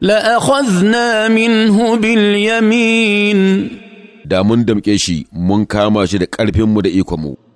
لأخذنا منه باليمين da mun damƙe shi mun kama shi da ƙarfinmu da ikonmu.